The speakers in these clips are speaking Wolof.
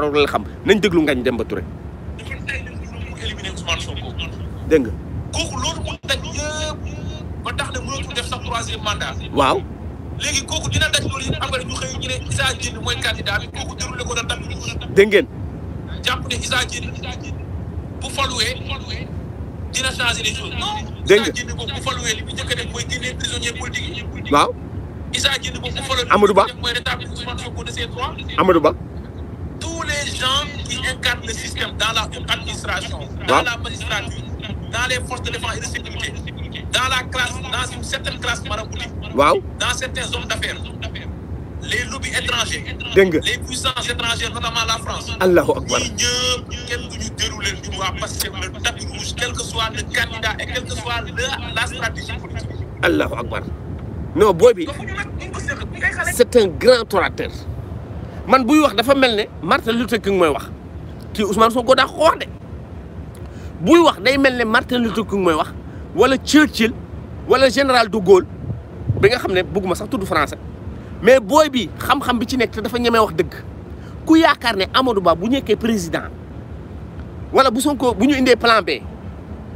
roog la xam nañ déglu Ngagne Demba Touré dégg nga kooku loolu mu daj def sax troisième mandat waaw léegi kooku dina dégg ngeen jàpp ne Issa Diène bu faluwee dina changer les choses dégg a waaw Issa Diène gens qui incarnent le système dans l'administration, administration, dans la magistrature, dans les forces de défense et de sécurité, dans la classe, dans une certaine classe maraboutique, dans certaines zones d'affaires, les lobbies étrangers, les puissances étrangères, notamment la France. Allahu Akbar. parce que le tapis rouge, quel que soit le candidat et quelle que soit la stratégie politique. Allahu Akbar. Non, Bobi, c'est un grand orateur. man buy wax dafa mel ne Martin Luther King mooy wax kii Ousmane Sonko daa ko wax de buy wax day mel ne Martin Luther King mooy wax wala Churchill wala général de Gaulle bi nga xam ne bëgguma sax tudd france mais booy bi xam-xam bi ci nekk te dafa ñemee wax dëgg ku yaakaar ne Amadou Ba bu nekkee président wala bu sonkoo bu ñu indee plan B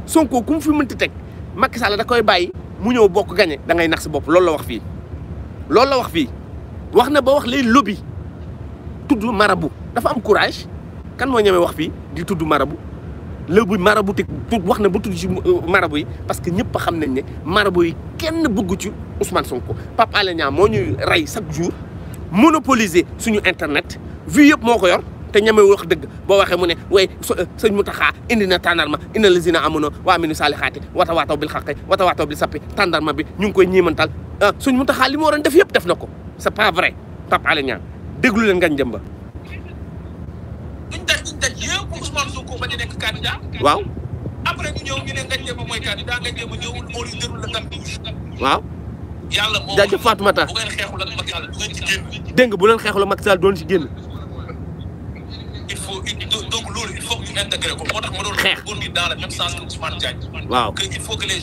Sonko ku mu fi mënti teg Macky Sall da koy bàyyi mu ñëw bokk gañe dangay nax si bopp loolu la wax fii. loolu la wax fii wax na ba wax lay lobby tudd marabu dafa am courage kan moo ñemee wax fii di tudd marabu lébu marabu te wax na ba tudd ci euh, marabu parce que ñëpp xam nañ ne marabu yi kenn bëgg ci Ousmane Sonko Pape Alé Niang moo ñu rey chaque jour monopoliser suñu internet vie yëpp moo ko yor te ñeme wax dëgg boo waxee mu ne way euh, sëñ Mountakha indi na tàndarma ina la zina amono waa minu saali xaati wata waataw bil xaqi wata waataw bil sappi tàndarma bi ñu ngi koy ñiimantal ah, suñ Mountakha li mu waroon def yëpp def na ko c'est pas vrai Pape Alé déglu leen ngañ dem ba. waaw. après ñu ñëw ñu ne ngañ dem ba mooy candidat ngañ dem ba ñëwul moo di déglu la tam waaw. yàlla moom jaajëf Fatoumata bu ngeen xeexul ak Macky dégg nga bu leen xeexul ak Macky Sall doon ci génn. il faut donc loolu il faut que ñu intégré a moo tax ma doon xeex pour waaw que il faut que les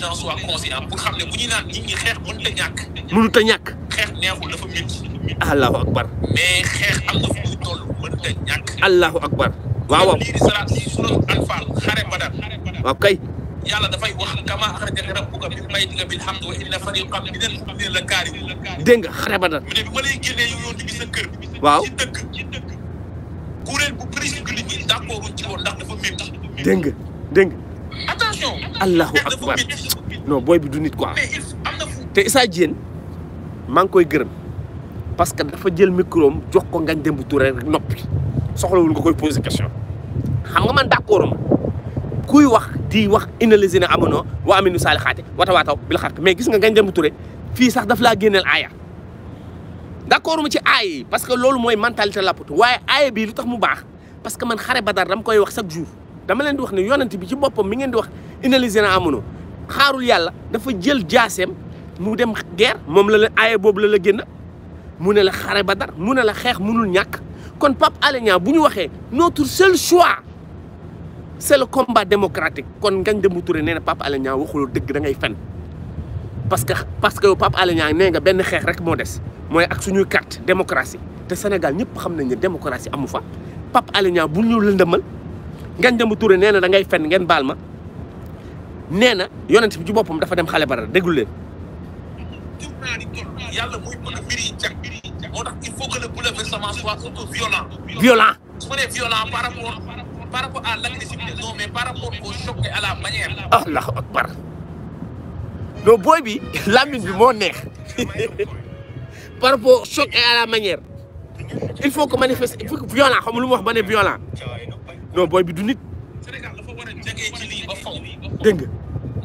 pour xam ne bu ñuy naan nit ñi xeex mënut a ñàkk. mënut a ñàkk. xeex neexul dafa métti. allahu akbar waaw waaw lii sara si suratul xare badar waaw kay dafay wax kama axrajaka rabbuka xare badar mu bi ma lay génnee bi sa waaw ci bu bëri si jullit ñi d'accorduñ ci woon ndax dafa métti dégg nga allahu akbar non booy bi du nit quoi te Issa Diène maa ngi koy gërëm parce que dafa jël micro am jox ko Ngagne Demba Touré rek noppi soxlawul nga koy poser question xam nga man d'accord ma kuy wax di wax inalisi na amono wa aminu saali xaate wata waataw bi la xaat mais gis nga Ngagne Demba Touré fii sax daf laa génneel aaya d'accord mu ci aay parce que loolu mooy mentalité lappatu waaye aaya bi lu tax mu baax parce que man xare badar dama koy wax chaque jour dama leen di wax ne yonent bi ci boppam mi ngeen di wax inalisi na amono xaarul yàlla dafa jël jaaseem mu dem guerre moom la la aaya boobu la la génn mu ne la ba dara mu ne la xeex munul ñàkk kon Pape Alé Niang bu ñu waxee notre seul choix c'est le combat démocratique kon Ngagne Demba Touré nee na Pape Alé Niang waxuloo dëgg da ngay fen parce que parce que Pape Alé nee nga benn xeex rek moo des mooy ak suñuy carte démocratie te Sénégal ñëpp xam nañ ne démocratie amu fa Pape Alé Niang bu ñu lëndëmal Ngagne Demba Touré nee na da ngay fen ngeen baal ma nee na yonent bi ci boppam dafa dem xale Badar déglu leen. il faut que le bouleversement soit surtout violent. violent su violent par rapport par rapport à l'agressivité non mais par rapport au choc et à la manière. allahu akbar le boy, bi lamine bi moo neex par rapport au choc et à la manière il faut que manifeste il faut que violent comme le mu wax violent non boy, bi du nit. Sénégal dafa war a ci lii ba faw. dégg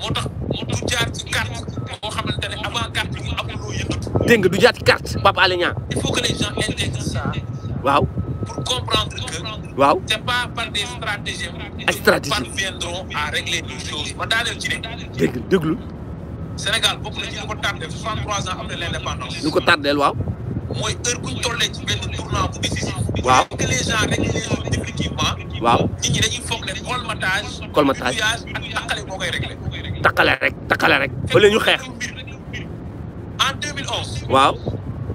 nga du jaar ci carte boo xamante avant carte bi amul loo yëngatu. dégg du jaar ci carte Papa Alé Niang. il faut que les gens intègrent ça. waaw. pour comprendre que. waaw c'est pas par des stratégies. ay stratégies que nous à régler les choses ma dalé ci ne. dégg nga Sénégal bokku na ci ko tardé 63 ans après l'indépendance ñuko tardel ko tardé waaw. mooy heure buñ tollé ci benn tournant bu décisif. waaw que les gens régler les choses définitivement. waaw nit ñi dañuy fokk ne colmatage. colmatage ak takalé mo koy régler taqale rek taqale rek wala ñu xeex. en 2011. waaw.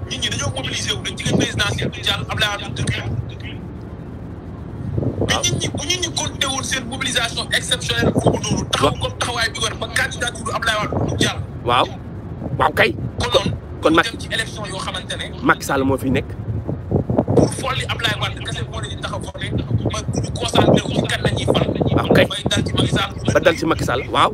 nit ñi dañoo mobilisé wu seen mobilisation exceptionnelle boobu noonu. taxawaay bi war ba candidature Abdoulaye Wade waaw kay. kon kon Macky moo fi nekk. pour folli Abdoulaye Wade kese ba dal ci Macky waaw.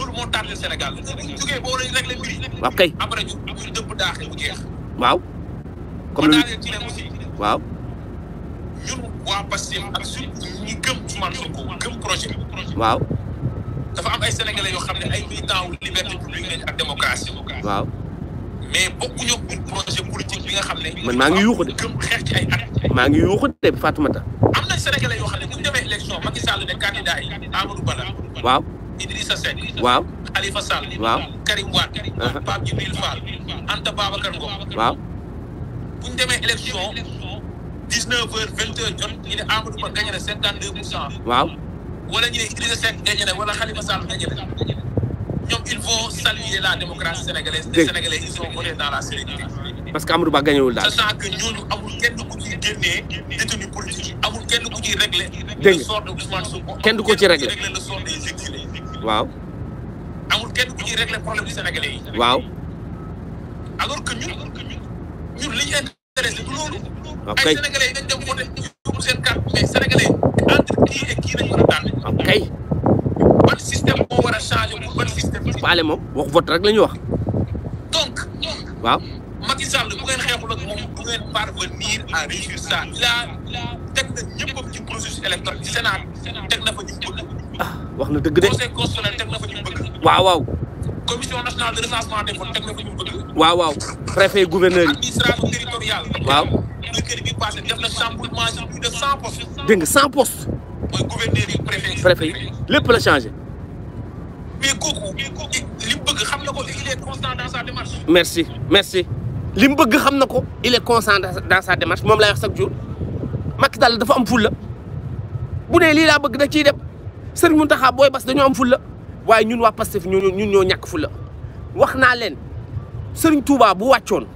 loolu moo tardé Sénégal bu jógee boo leen waaw kay waaw. comme lu waaw. ñun waa Pastef ak surtout ñi gëm Ousmane Sonko am ay sénégalais yoo xam ne ay militants wu liberté publique lañ ak xam ne. man maa ngi yuuxu maa ngi yuuxu de am na sénégalais yoo xam ne bu ne candidat waaw. Idrissa Seck waaw Khalifa Sall waaw Karim Wade uh-huh. Pape Djibril Fall Anta Babacar waaw bu ñu demee élection dix neuf na cinquante deux pour cent waaw wala ñu ne Idrissa ñoom il faut saluer la démocratie sénégalaise les sénégalais ils sont menés dans parce que Amadou Ba gañewul daal sachant que ñooñu amul kenn ku ciy génnee détenu politique amul kenn ku ciy réglé le sort de waaw. amul kenn ku ñuy réglé problème du Sénégalais waaw. alors que ñun ñun li ñu intéressé du loolu. ok ay Sénégalais yi dañ dem voté yóbbu seen carte mais Sénégalais entre kii war a tànn. ok. ban système moo war a changé moom wax vote rek la wax. donc. waaw. Macky Sall bu ngeen xeexul moom bu parvenir à réussir ça. il teg na ñëpp ci processus électoral waxna deug de. conseil constitutionnel teg na fa bëgg. waaw waaw. commission nationale de recensement des votes teg na fa bëgg. waaw waaw. préfet gouverneur yi. administration territoriale. waaw. mercredi bi passé def na chamboulement sur plus de 100 postes. dégg 100 postes. moy gouverneur yi préfet préfet yi lépp la changé. mais kooku li mu bëgg xam na ko il est constant dans sa démarche. merci merci li mu bëgg xam na ko il est constant dans sa démarche moom lay wax chaque jour Macky Sall dafa am fulla bu ne lii laa bëgg da ciy dem. Serigne Mountakha booy bas dañoo am fulla waaye ñun waa Pastef ñoo ñun ñoo ñàkk fulla wax naa leen Serigne Touba bu wàccoon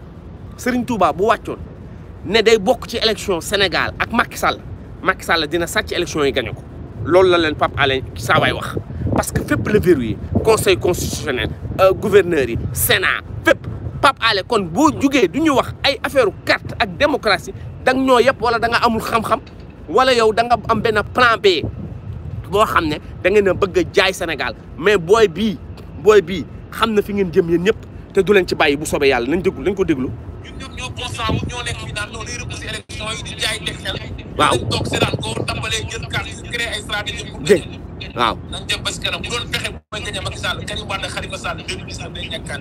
Serigne Touba bu wàccoon ne day bokk ci élection Sénégal ak Macky Sall Macky Sall dina sàcc élection yi gañe ko loolu la leen Pape Alé Saawaay wax parce que fépp la verrouillé conseil constitutionnel euh, gouverneur yi Sénat fépp Pape Alé kon boo jugee du ñu wax ay affaire carte ak démocratie danga ñoo yëpp wala da nga amul xam-xam wala yow danga nga am benn plan B boo xam ne da ngeen a bëgg a jaay Sénégal mais booy bi booy bi xam na fi ngeen jëm yéen ñëpp te du leen ci bàyyi bu soobee yàlla nañ déglu nañ ko déglu. ñun ñëpp ñoo constat wu ñoo nekk fii daal loolu day repoussé élection yi di jaay pexe mooy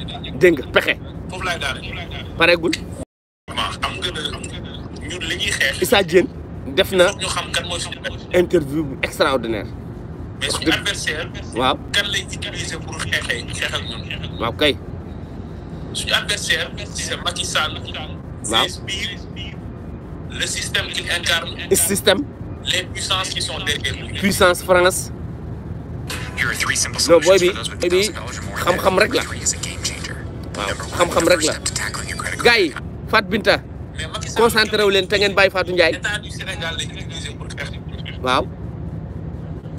gañe Macky nga pexe. foofu laay daal pareegul. waaw def na interview bu extraordinaire. mais suñu waaw kay. système puissance France. non booy bi xam-xam rek la. waaw xam-xam rek la. gars yi Fatou Binta. concentré wu leen te ngeen bàyyi Fatou Ndiaye. waaw.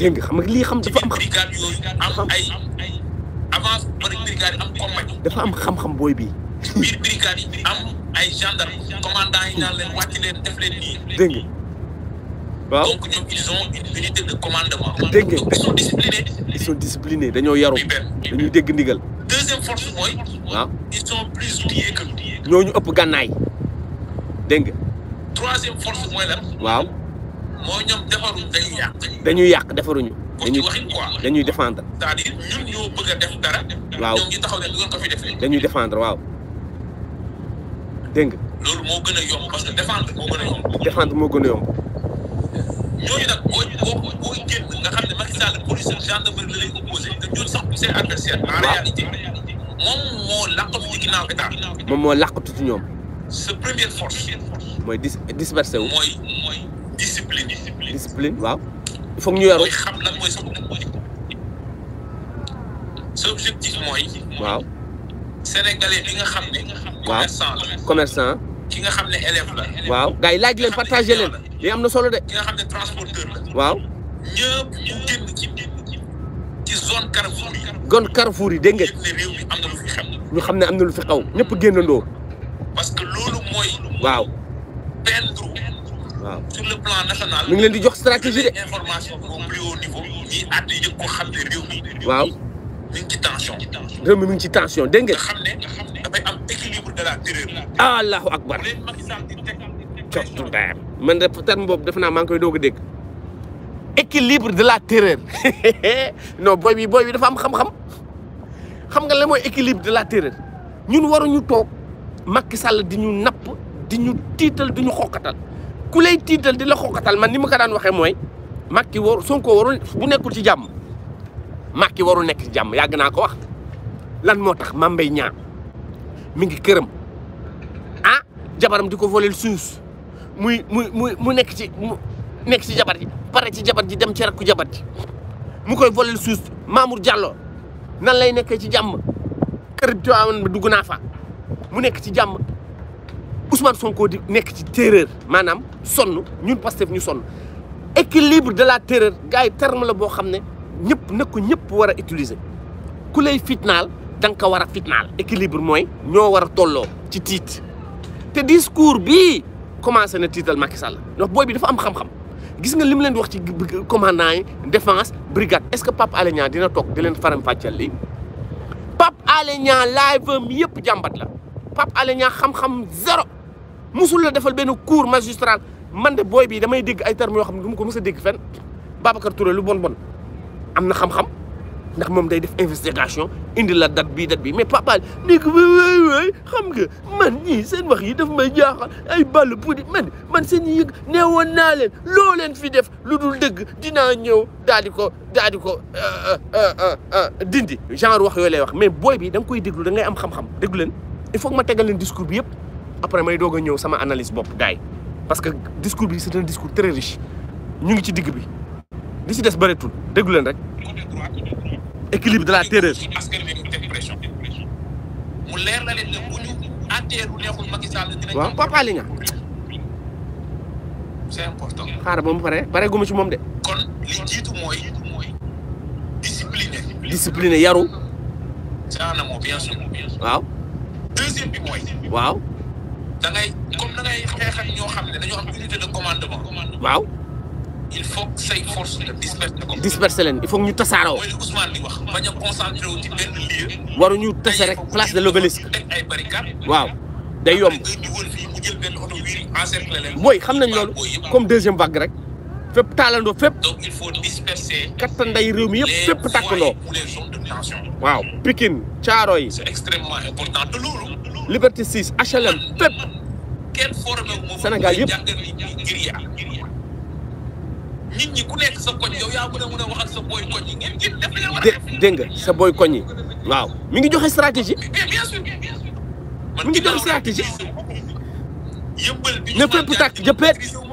dégg xam nga lii xam dafa am brigade yooyu am ay avance bëri brigade yi dafa am xam booy bii biir ay gendarme commandant yi naan leen wàcc leen waaw donc ñoom ils ont dañoo yaru dañuy dégg ndigal deuxième force mooy ñooñu ëpp gànnaay dégg nga troisième waaw mooy ñoom defaruñ dañuy yàq. defaruñu. dañuy dañuy défendre. c'est-à-dire ñun ñoo bëgg a waaw ñoom dañuy défendre dégg nga. loolu moo gën a yomb parce que défendre moo gën a yomb. défendre moo gën a yomb. ñooñu nag moom moo làqatu ci ñoom. mooy dis dispersé wu. discipline discipline waaw. il faut ñu yaru mooy xam lan mooy sa sa objectif waaw. sénégalais bi nga xam ne. waaw commerçant ki nga xam ne élève la. waaw gars yi laaj leen partagé leen lii am na solo de. ki nga xam ne transporteur la. waaw. ñëpp ñu génn ci ci zone Carrefour yi. zone Carrefour dégg na ñu xam ne am na lu fi xaw ñëpp génnandoo. parce que loolu mooy. waaw waaw sur le leen di jox stratégie de. information waaw mi ngi ci tension. ci tension dégg nga xam ne dafay am équilibre de la allahu akbar. man de terme boobu defe naa maa ngi koy doog a dégg. équilibre de la terreur non booy bi booy bi dafa am xam-xam xam nga la mooy équilibre de la terreur ñun waruñu toog Macky Sall di ñu napp di ñu tiital di ñu xokkatal ku lay tiital di la xoqatal man ni mu ko daan waxee mooy Macky war Sonko warul bu nekkul ci jàmm Macky warul nekk ci jàmm yàgg naa ko wax lan moo tax Mame Mbaye Niang mi ngi këram ah jabaram di ko voleel suus muy muy muy mu nekk ci mu nekk ci jabar ji pare ci jabar ji dem ci rakku jabar ji mu koy voleel suus Mamour Diallo nan lay nekkee ci jàmm kër bi dugg naa fa mu nekk ci jàmm Ousmane Sonko di nekk ci terreur maanaam sonn ñun Pastef ñu sonn équilibre de la terreur gars yi terme la boo xam ne ñëpp na ko ñëpp war a utiliser ku lay fitnaal da ka ko war a fitnaal équilibre mooy ñoo war a tolloo ci tiit te discours bi commencé na tiital Macky Sall ndax booy bi dafa am xam-xam gis nga li mu leen di wax ci commandant yi défense brigade est-ce que Pape Alé Niang dina toog di leen faram fàcceel lii Pape ale Niang live am yëpp jàmbat la Pape Alé Niang xam musul la defal ben cour magistral man de boy bi damay deg ay terme yo xam dum ko musa deg fen Babacar Touré lu bon bon amna xam-xam ndax mom day def investigation indi la date bi date bi mais papa ni ko waay xam nga man ni seen wax yi daf may jaxal ay ball pudi man man seen yi newon na len lo len fi def ludul deug dina ñëw daliko daliko dindi genre wax yo lay wax mais boy bi dang koy déglu da ngay am xam-xam déglu len il faut que ma tegal len discours bi yëpp après may doog a ñëw sama analise bopp gars parce que discours bi c'est un discours très riche ñu ngi ci digg bi li ci des bëreetul déglu leen rek. équilibre de la terreur. mu leer la leen ne ñu àtteelu neexul Macky Sall dinañ. waaw Papa Alioune. pare pare guma ci moom de. kon yaru. jaanamoo waaw. waaw. da ngay comme da xam ne dañoo am unité de commandement. waaw. il faut que say force nga disperser ko. leen il faut ñu tasaaroo. mooy li Ousmane di a concentré wu ci benn lieu. waruñu tase rek place de l'obélisque. ay barricades. waaw day yomb. mooy xam nañ loolu comme deuxième bag rek. fépp taalandoo fépp. donc il faut réew mi yëpp fépp tàkkandoo. waaw Pikine Thiaroye. c'est Liberté 6 HLM fépp Sénégal yëpp. nit ñi ku nekk sa koñ yow yaa mën a mën a wax sa booy koñ yi ngeen jël sa booy koñ yi waaw mi ngi joxe stratégie. bien sûr mi ngi joxe stratégie. yëppal bi ñu ne